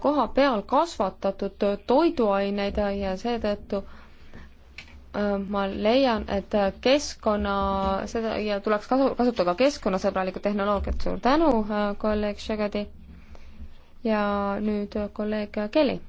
koha peal kasvatatud toiduaineid ja seetõttu äh, ma leian, et keskkonna, seda ja tuleks kasu, kasutada keskkonnasõbralikku tehnoloogiat. suur tänu, äh, kolleeg Šegedi. ja nüüd kolleeg Kelly.